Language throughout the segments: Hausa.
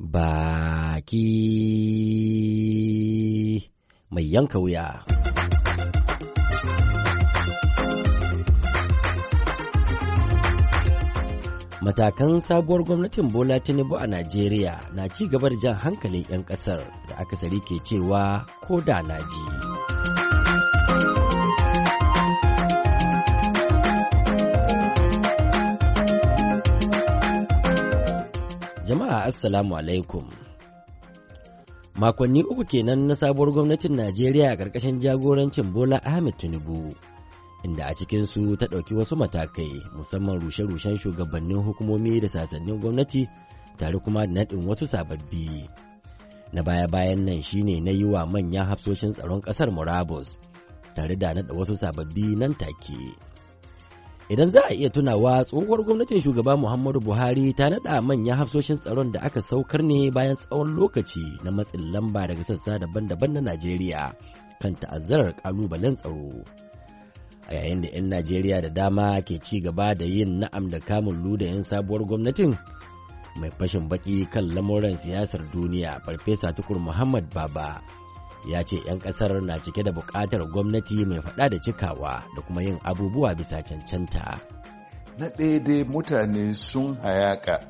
baki mai yanka wuya. Matakan sabuwar gwamnatin Bola Tinubu a Najeriya na cigaba da jan hankalin 'yan ƙasar da akasari ke cewa ko da Najeriya. Jama'a Assalamu alaikum. Makonni uku kenan na sabuwar gwamnatin Najeriya a ƙarƙashin jagorancin Bola Ahmed Tinubu, inda a cikinsu ta ɗauki wasu matakai musamman rushe-rushen shugabannin hukumomi da sasannin gwamnati tare kuma da naɗin wasu sababbi. Na baya-bayan nan shine na yi wa manyan hafsoshin tsaron ƙasar Murabus tare da naɗa wasu sababbi nan take. Idan za a iya tunawa tsohuwar gwamnatin shugaba Muhammadu Buhari ta naɗa manyan hafsoshin tsaron da aka saukar ne bayan tsawon lokaci na matsin lamba daga sassa daban-daban na Najeriya kan ta'azzarar kalubalen tsaro. a yayin da 'yan Najeriya da dama ke ci gaba da yin na'am da kamun luda 'yan sabuwar gwamnatin mai fashin baki kan lamuran siyasar duniya farfesa tukur muhammad baba ya ce 'yan kasar na cike da buƙatar gwamnati mai faɗa da cikawa da kuma yin abubuwa bisa cancanta. Na ɗaya dai mutane sun hayaka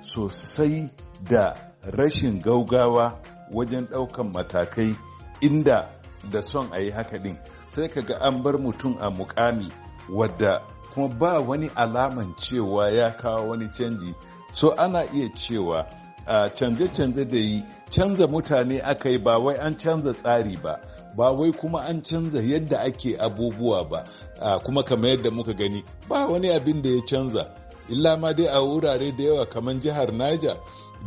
sosai da rashin gaugawa wajen ɗaukan matakai inda da son a yi haka ɗin sai ka ga an bar mutum a mukami wadda kuma ba wani alaman cewa ya kawo wani canji so ana iya cewa canje-canje da yi canza mutane aka yi ba wai an canza tsari ba ba wai kuma an canza yadda ake abubuwa ba kuma kamar yadda muka gani ba wani abin da ya canza illa ma dai a wurare da yawa kamar jihar naija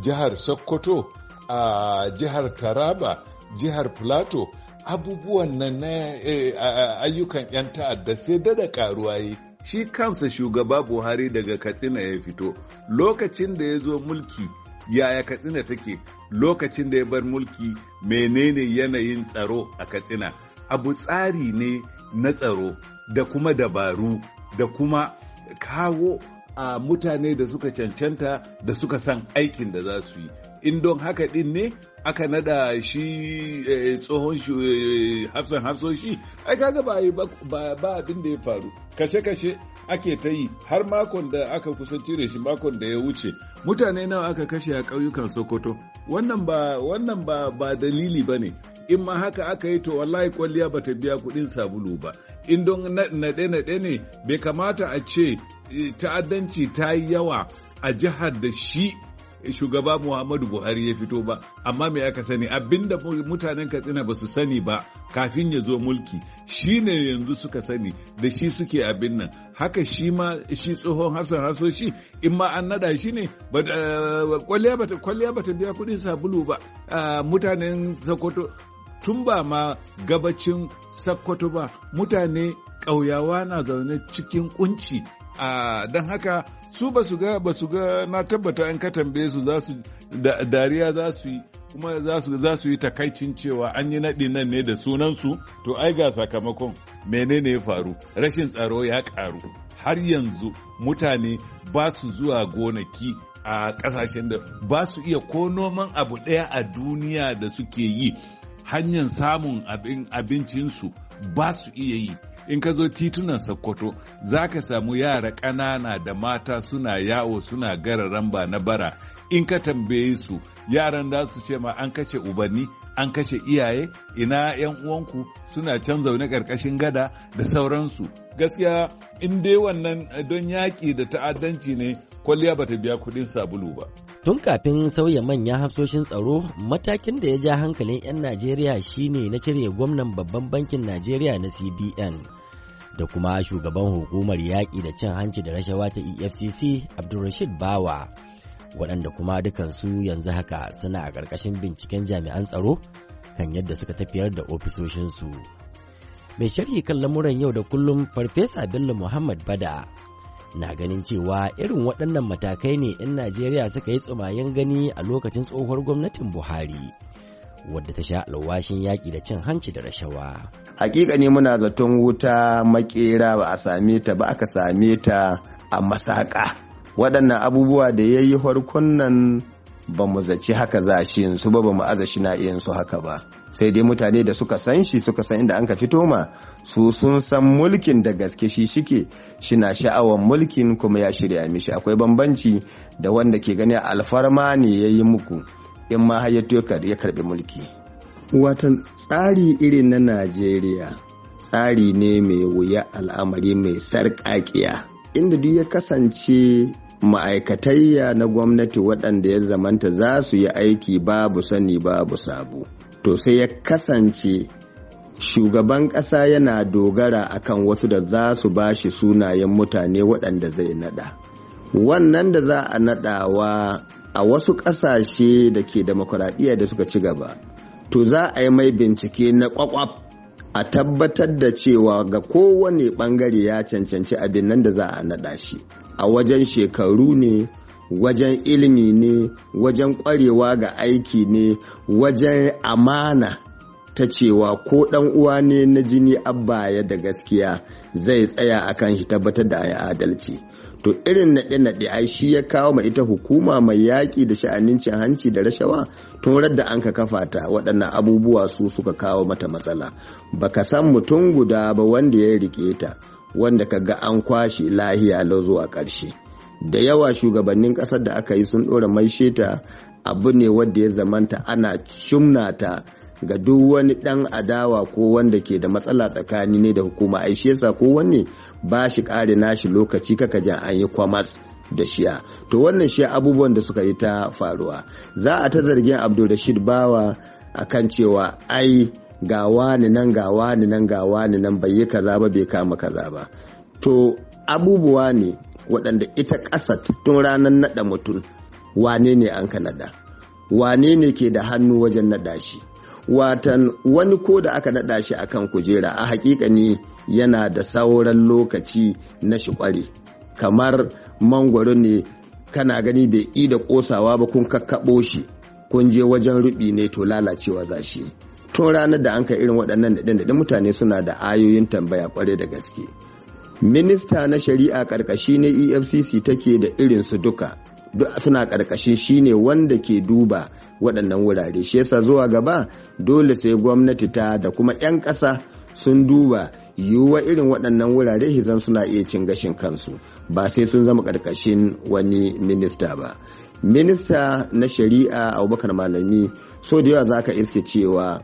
jihar Sokoto, a jihar Taraba, jihar plato abubuwan nan na e, ayyukan 'yan ta'adda sai dada karuwa yi. Shi kansa shugaba Buhari daga Katsina ya fito, lokacin da ya zo mulki yaya katsina take lokacin da ya bar mulki menene yanayin tsaro a katsina abu tsari ne na tsaro da kuma dabaru da kuma kawo a mutane da suka cancanta da suka san aikin da za su yi in don haka din ne aka nada shi eh, tsohon shi eh, hafsan shi ai kaga ba ba abin da ya faru kashe-kashe ake ta yi har makon da aka kusan cire shi makon da ya wuce mutane nawa aka kashe a ƙauyukan sokoto wannan ba wannan ba ba dalili ba ne in ma haka aka yi to wallahi kwalliya ba ta biya kuɗin sabulu ba in don naɗe-naɗe ne bai kamata a ce Eh, ta'addanci ta yi yawa a jihar da shi eh, shugaba Muhammadu Buhari ya fito ba amma me aka sani abinda mutanen Katsina ba su sani ba kafin ya zo mulki Shi ne yanzu suka sani da shi suke abin nan haka shi ma shi tsohon Hassan Haso shi in ma an nada shi ne eh, kwalliya bata biya kuɗin sabulu ba ah, mutanen Sokoto tun ba ma gabacin Sokoto ba mutane ƙauyawa na zaune cikin ƙunci. Aa don haka su ba su ga ba su ga na tabbata an ka tambaye su za su dariya za su yi kuma za su yi takaicin cewa an yi naɗi nan ne da sunansu to ai ga sakamakon menene ya faru rashin tsaro ya ƙaru har yanzu mutane ba su zuwa gonaki a ƙasashen da ba su iya ko noman abu ɗaya a duniya da suke yi hanyar samun abincinsu ba su iya yi in ka zo titunan sokoto za ka samu yara ƙanana da mata suna yawo suna gara ramba na bara in ka tambaye su yaran da su ce ma an kashe ubanni an kashe iyaye ina yan uwanku suna can zaune ƙarƙashin gada da sauransu gaskiya in dai wannan don yaƙi da ta'addanci ne kwalliya bata biya kuɗin sabulu ba Tun kafin sauya manyan hafsoshin tsaro, matakin da ya ja hankalin 'yan Najeriya shine na cire gwamnan babban bankin Najeriya na CBN da kuma shugaban hukumar yaƙi da cin hanci da rashawa ta EFCC Abdulrashid Bawa, waɗanda kuma dukansu yanzu haka suna a ƙarƙashin binciken jami'an tsaro kan yadda suka tafiyar da ofisoshinsu. Mai sharhi kan lamuran yau da kullum Farfesa Bello Muhammad Bada. na ganin cewa irin waɗannan matakai ne 'yan Najeriya suka yi tsumayen gani a lokacin tsohuwar gwamnatin Buhari. wadda ta sha alwashin yaƙi da cin hanci da rashawa. Hakika ne muna zaton wuta makera ba a same ta ba aka same ta a masaka. Waɗannan abubuwa da ya yi farkon nan ba mu zaci haka za shi yanzu ba ba mu aza shi na iya yanzu haka ba. sai dai mutane da suka san shi suka san inda an ka fito ma su sun san mulkin da gaske shi shike shi na sha'awar mulkin kuma ya shirya mishi akwai bambanci da wanda ke gani alfarma ne ya yi muku in ma har ya karbi mulki watan tsari irin na najeriya tsari ne mai wuya al'amari mai sarƙaƙiya inda duk ya kasance ma'aikatayya na gwamnati waɗanda ya zamanta za su yi aiki babu sani babu sabo to sai ya kasance shugaban ƙasa yana dogara akan wasu da za su ba shi sunayen mutane waɗanda zai naɗa wannan da za a naɗawa a wasu ƙasashe da ke demokuraɗiyya da suka ci gaba to za a yi mai bincike na ƙwaƙwaf a tabbatar da cewa ga kowane ɓangare ya cancanci abin nan da za a naɗa shi a wajen shekaru ne wajen ilimi ne wajen ƙwarewa ga aiki ne wajen amana ta cewa ko ɗan uwa ne na jini abbaya da gaskiya zai tsaya a kan shi tabbatar da ya adalci to irin naɗe-naɗe ai shi ya kawo ma ita hukuma mai yaƙi da sha'anin cin hanci da rashawa tun radda an ka kafa ta waɗannan abubuwa su suka kawo mata matsala baka san mutum guda ba wanda ya riƙe ta wanda ka ga an kwashe lahiya lau zuwa ƙarshe. da yawa shugabannin kasar da aka yi sun ɗora mai sheta abu ne wanda ya zamanta ana ta ga duk wani ɗan adawa ko wanda ke da matsala tsakani ne da hukuma ai yasa ko wani ba shi ƙare nashi lokaci kaka jan an yi kwamas da shiya to wannan shi abubuwan da suka yi ta faruwa za a ta zargin abdulrashid bawa akan cewa ai ga wani nan ga wani nan ga wani nan bai yi kaza ba bai kama kaza ba to abubuwa ne waɗanda ita ƙasat tun ranar naɗa mutum wane ne an ka naɗa wane ne ke da hannu wajen naɗa shi watan wani ko da aka naɗa shi a kan kujera a hakikani yana da sauran lokaci na shi ƙware. kamar mangwaro ne kana gani bai yi da ƙosawa ba kun kakkaɓo shi kun je wajen ruɓi ne to lalacewa za shi tun ranar da an ka irin waɗannan daɗin daɗin mutane suna da ayoyin tambaya ƙware da gaske minista na shari'a karkashi ne efcc take da irin su duka duk suna karkashin shi ne wanda ke duba waɗannan wurare shi yasa zuwa gaba dole sai gwamnati ta da kuma 'yan ƙasa sun duba yiwuwa irin waɗannan wurare hizan suna iya cin gashin kansu ba sai sun zama ƙarƙashin wani minista ba minista na shari'a abubakar malami so da yawa za ka iske cewa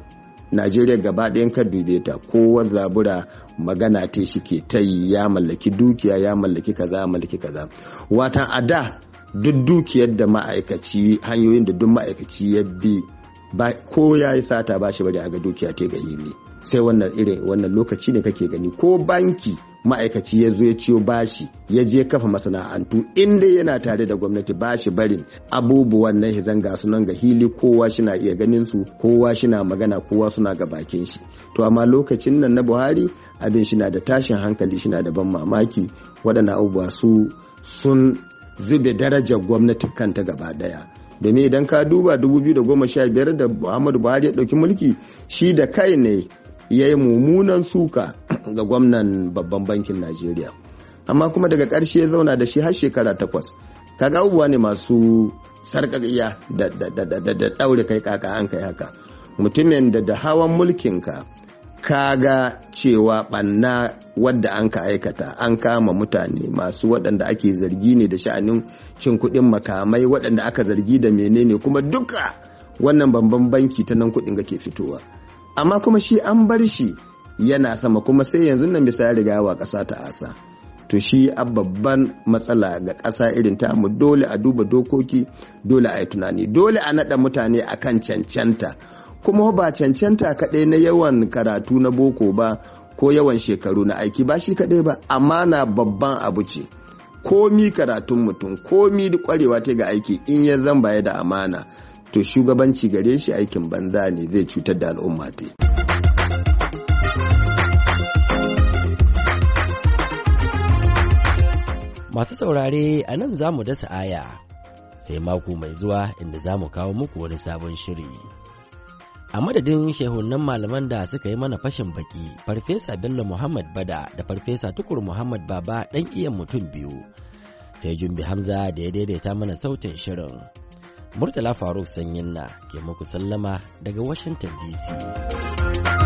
najeriya gaba ɗayan ka dube ta kowa zabura magana ta shi ke ta yi ya mallaki dukiya ya mallaki kaza ya mallaki kaza watan a da duk dukiyar da ma'aikaci hanyoyin da duk ma'aikaci ya bi ko ya yi sata ba shi bari a ga dukiya ta gani ne sai wannan irin wannan lokaci ne kake gani ko banki ma'aikaci ya zo ya ciyo bashi ya je kafa masana'antu inda yana tare da gwamnati bashi barin abubuwan na zanga sunan ga hili kowa shina iya ganin su kowa shina magana kowa suna ga bakin shi to amma lokacin nan na buhari abin shina da tashin hankali shina da ban mamaki waɗannan abubuwa su sun zube darajar gwamnati kanta gaba daya domin idan ka duba 2015 da muhammadu buhari ya ɗauki mulki shi da kai ne ya yi mummunan suka ga gwamnan babban bankin najeriya amma kuma daga ƙarshe ya zauna da shi har shekara takwas kaga abubuwa ne masu sarƙaƙiya da ɗaure kai kaka an kai haka mutumin da da hawan mulkinka kaga cewa ɓanna wadda an ka aikata an kama mutane masu waɗanda ake zargi ne da sha'anin cin kuɗin makamai waɗanda aka zargi da menene kuma duka wannan babban banki ta nan kuɗin ga ke fitowa amma kuma shi an bar shi yana sama kuma sai yanzu nan bisa riga wa ƙasa ta asa to shi a babban matsala ga ƙasa irin ta mu dole a duba dokoki dole a yi tunani dole a naɗa mutane a kan cancanta kuma ba cancanta kaɗai na yawan karatu na boko ba ko yawan shekaru na aiki ba shi kaɗai ba amana babban abu ce komi karatun mutum komi ƙwarewa ta ga aiki in ya zan baya da amana to shugabanci gare shi aikin banza ne zai cutar da al'umma ta masu saurare a nan za mu dasa aya sai mako mai zuwa inda za mu kawo muku wani sabon shiri a madadin shehunan malaman da suka yi mana fashin baki farfesa bello muhammad bada da farfesa tukur muhammad baba dan iya mutum biyu sai jumbi hamza da ya daidaita mana sautin shirin Murtala Faruk Sanyin na ke muku sallama daga Washington DC.